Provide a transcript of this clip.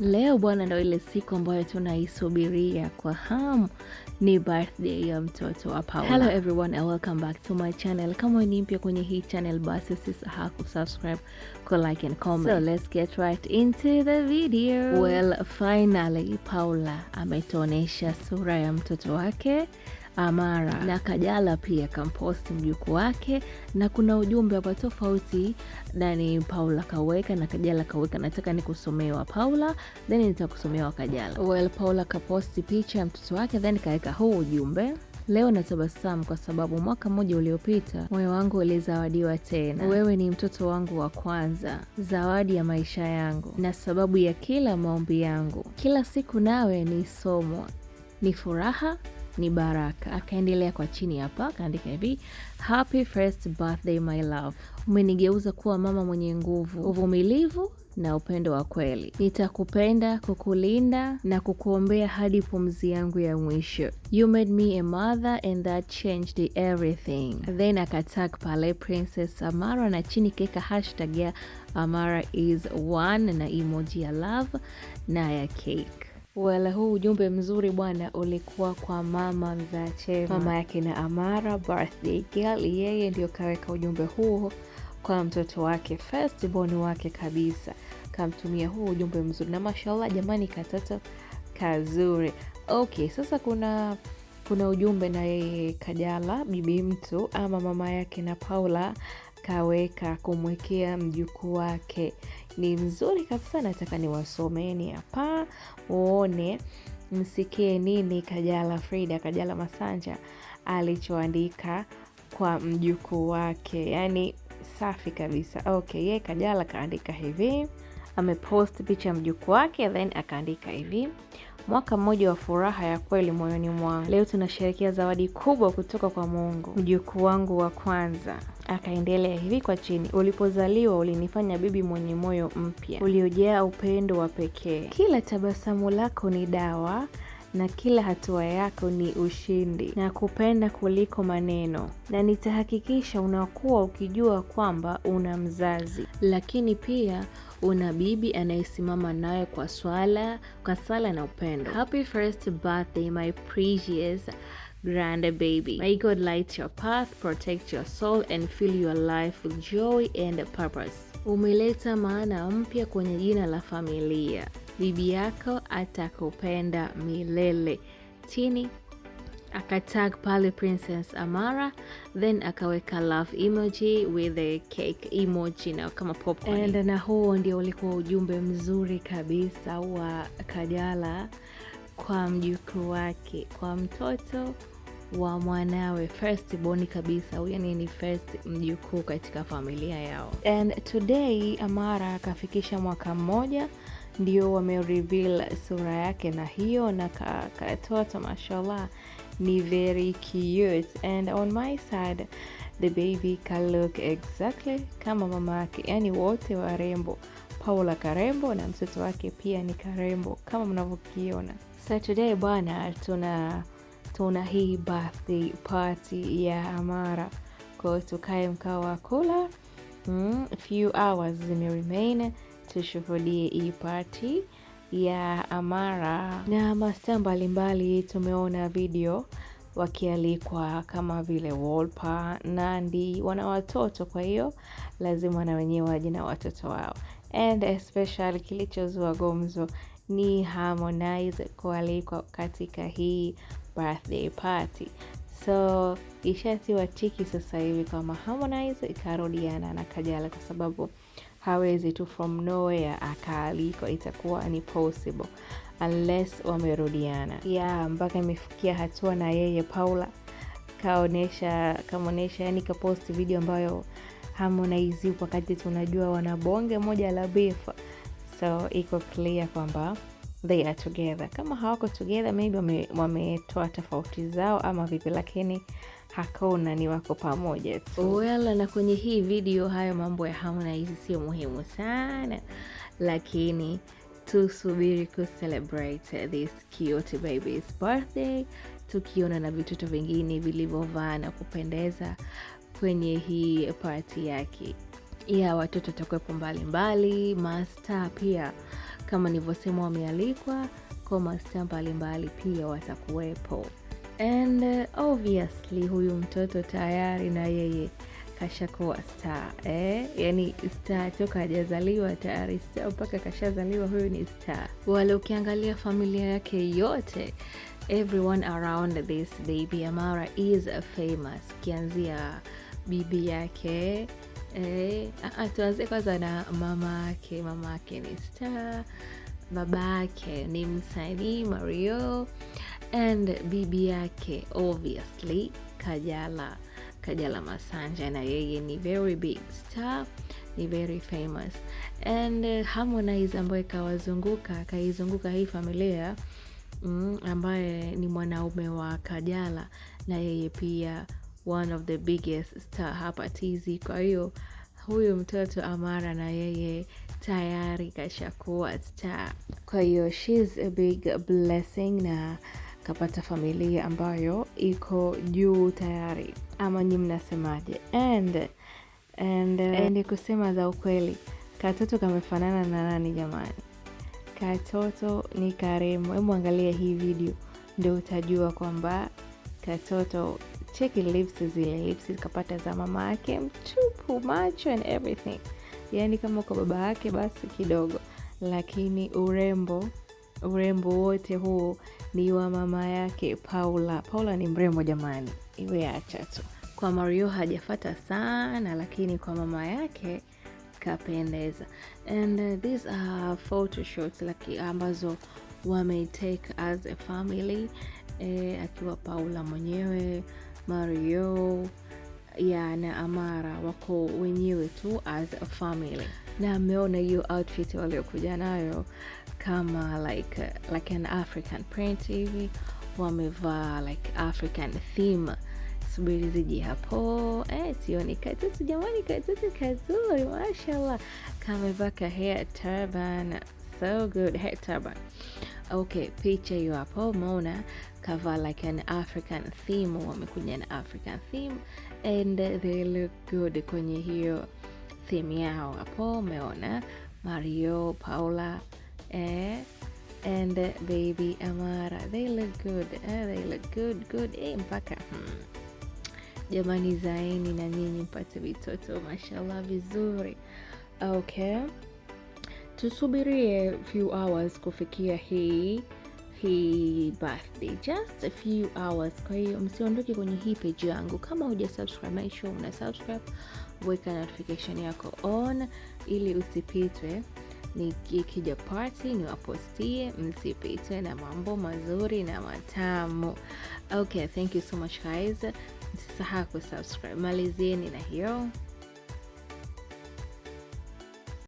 Leo bwana, ndo ile siku ambayo tunaisubiria kwa hamu, ni birthday ya mtoto wa Paula. Hello everyone and welcome back to my channel. Kama ni mpya kwenye hii channel, basi usisahau kusubscribe, ku like and comment. So let's get right into the video. Well, finally Paula ametuonesha sura ya mtoto wake Amara na Kajala pia kamposti mjukuu wake, na kuna ujumbe hapa tofauti nani Paula kaweka na Kajala kaweka. Nataka ni wa Paula then nitakusomea wa Kajala. Well, Paula kaposti picha ya mtoto wake then kaweka huu ujumbe Leo natabasamu kwa sababu mwaka mmoja uliopita moyo wangu ulizawadiwa tena. Wewe ni mtoto wangu wa kwanza, zawadi ya maisha yangu na sababu ya kila maombi yangu. Kila siku nawe ni somo, ni furaha ni baraka. Akaendelea kwa chini hapa akaandika hivi, happy first birthday my love, umenigeuza kuwa mama mwenye nguvu, uvumilivu na upendo wa kweli. Nitakupenda, kukulinda na kukuombea hadi pumzi yangu ya mwisho. You made me a mother and that changed everything. Then akatag pale Princess Amara na chini keka hashtag ya Amara is one na emoji ya love na ya cake. Wala huu ujumbe mzuri bwana ulikuwa kwa mama mzaa Chema, mama yake na Amara birthday girl. Yeye ndio kaweka ujumbe huo kwa mtoto wake first born wake kabisa, kamtumia huu ujumbe mzuri na mashallah jamani, katoto kazuri. Okay, sasa kuna kuna ujumbe na yeye Kajala bibi mtu ama mama yake na Paula kaweka kumwekea mjukuu wake ni mzuri kabisa, nataka niwasomeni hapa uone msikie nini Kajala Frida Kajala Masanja alichoandika kwa mjukuu wake, yaani safi kabisa. Okay, ye Kajala akaandika hivi, amepost picha ya mjukuu wake then akaandika hivi Mwaka mmoja wa furaha ya kweli moyoni mwangu. Leo tunasherehekea zawadi kubwa kutoka kwa Mungu, mjukuu wangu wa kwanza. Akaendelea hivi kwa chini, ulipozaliwa ulinifanya bibi mwenye moyo mpya uliojaa upendo wa pekee. Kila tabasamu lako ni dawa na kila hatua yako ni ushindi, na kupenda kuliko maneno, na nitahakikisha unakuwa ukijua kwamba una mzazi, lakini pia una bibi anayesimama naye kwa swala kwa sala na upendo. Happy first birthday my precious grand baby. May God light your path, protect your soul and fill your life with joy and purpose. Umeleta maana mpya kwenye jina la familia. Bibi yako atakupenda milele. Chini akatag pale Princess Amara then akaweka love emoji with a cake emoji na kama popcorn. And na huo ndio ulikuwa ujumbe mzuri kabisa wa Kajala kwa mjukuu wake, kwa mtoto wa mwanawe first boni kabisa, yani ni first mjukuu katika familia yao. And today Amara akafikisha mwaka mmoja ndio wamereveal sura yake na hiyo na katoto mashallah ni very cute and on my side the baby can look exactly kama mama yake, yani wote warembo. Paula karembo na mtoto wake pia ni karembo kama mnavyokiona. So today bwana tuna tuna hii birthday party ya Amara. Kwa hiyo tukae mkao wa kula mm, few hours zime remain tushuhudie hii party ya Amara na masta mbalimbali. Tumeona video wakialikwa kama vile Wolpa, Nandi, wana watoto, kwa hiyo lazima na wenyewe waje na watoto wao, and especially kilichozua gumzo ni Harmonize kualikwa katika hii birthday party. So ishatiwa tiki sasa hivi kama Harmonize ikarudiana na Kajala, kwa sababu hawezi tu from nowhere akaalikwa, itakuwa ni possible unless wamerudiana yeah, mpaka imefikia hatua na yeye Paula kaonesha kamonesha, yani kaposti video ambayo Harmonize, wakati tunajua wanabonge moja la beef, so iko clear kwamba they are together. Kama hawako together maybe wame, wametoa tofauti zao ama vipi, lakini hakuna ni wako pamoja tu. Well, na kwenye hii video hayo mambo ya hizi sio muhimu sana, lakini tusubiri ku celebrate this cute baby's birthday, tukiona na vitoto vingine vilivyovaa na kupendeza kwenye hii party yake ya watoto watakuwepo mbalimbali, masta pia kama nilivyosema wamealikwa kwa masta mbalimbali pia watakuwepo. And uh, obviously huyu mtoto tayari na yeye kashakuwa star eh? Yani star toka hajazaliwa tayari star, mpaka kashazaliwa huyu ni star. Wale ukiangalia familia yake yote, everyone around this baby Amara is famous, ukianzia bibi yake Eh, ah, ah, tuanze kwanza na mama yake. Mama yake ni Star, baba yake ni msanii Mario and bibi yake obviously Kajala, Kajala Masanja, na yeye ni very big star, ni very famous and eh, Harmonize ambaye kawazunguka akaizunguka hii familia mm, ambaye ni mwanaume wa Kajala na yeye pia one of the biggest star hapa TZ. Kwa hiyo huyu mtoto Amara na yeye tayari kashakuwa star, kwa hiyo she's a big blessing na kapata familia ambayo iko juu tayari, ama nyi mnasemaje? and and, uh, eh, and kusema za ukweli, katoto kamefanana na nani jamani? Katoto ni karemu. Hebu angalia hii video ndio utajua kwamba katoto cheki lips zile, lips kapata za mama yake mchupu, macho and everything. yani kama kwa baba yake basi kidogo, lakini urembo urembo wote huo ni wa mama yake Paula. Paula ni mrembo jamani, iwe acha tu. Kwa Mario hajafata sana, lakini kwa mama yake kapendeza. And uh, these are photo shots ambazo wametake as a family eh, akiwa Paula mwenyewe Mario ya na Amara wako wenyewe tu as a family, na ameona hiyo outfit waliokuja nayo kama like like an African print hivi, wamevaa like African theme. Subiri ziji hapo eh, sioni katutu jamani, katutu kazuri, mashallah, kamevaa ka hair turban, so good hair turban Okay, picha hiyo hapo umeona, kavaa like an African theme, wamekuja na African theme and they look good kwenye hiyo theme yao hapo, umeona Mario, Paula eh, and baby Amara, they look good eh, they look good good eh, mpaka hmm. Jamani, zaini na nyinyi mpate vitoto mashallah vizuri, okay tusubirie few hours kufikia hii hii birthday, just a few hours. Kwa hiyo msiondoke kwenye hii page yangu, kama huja subscribe, make sure una subscribe, weka notification yako on ili usipitwe nikija party niwapostie, msipitwe na mambo mazuri na matamu. Okay, thank you so much guys, msisahau kusubscribe. Malizieni na hiyo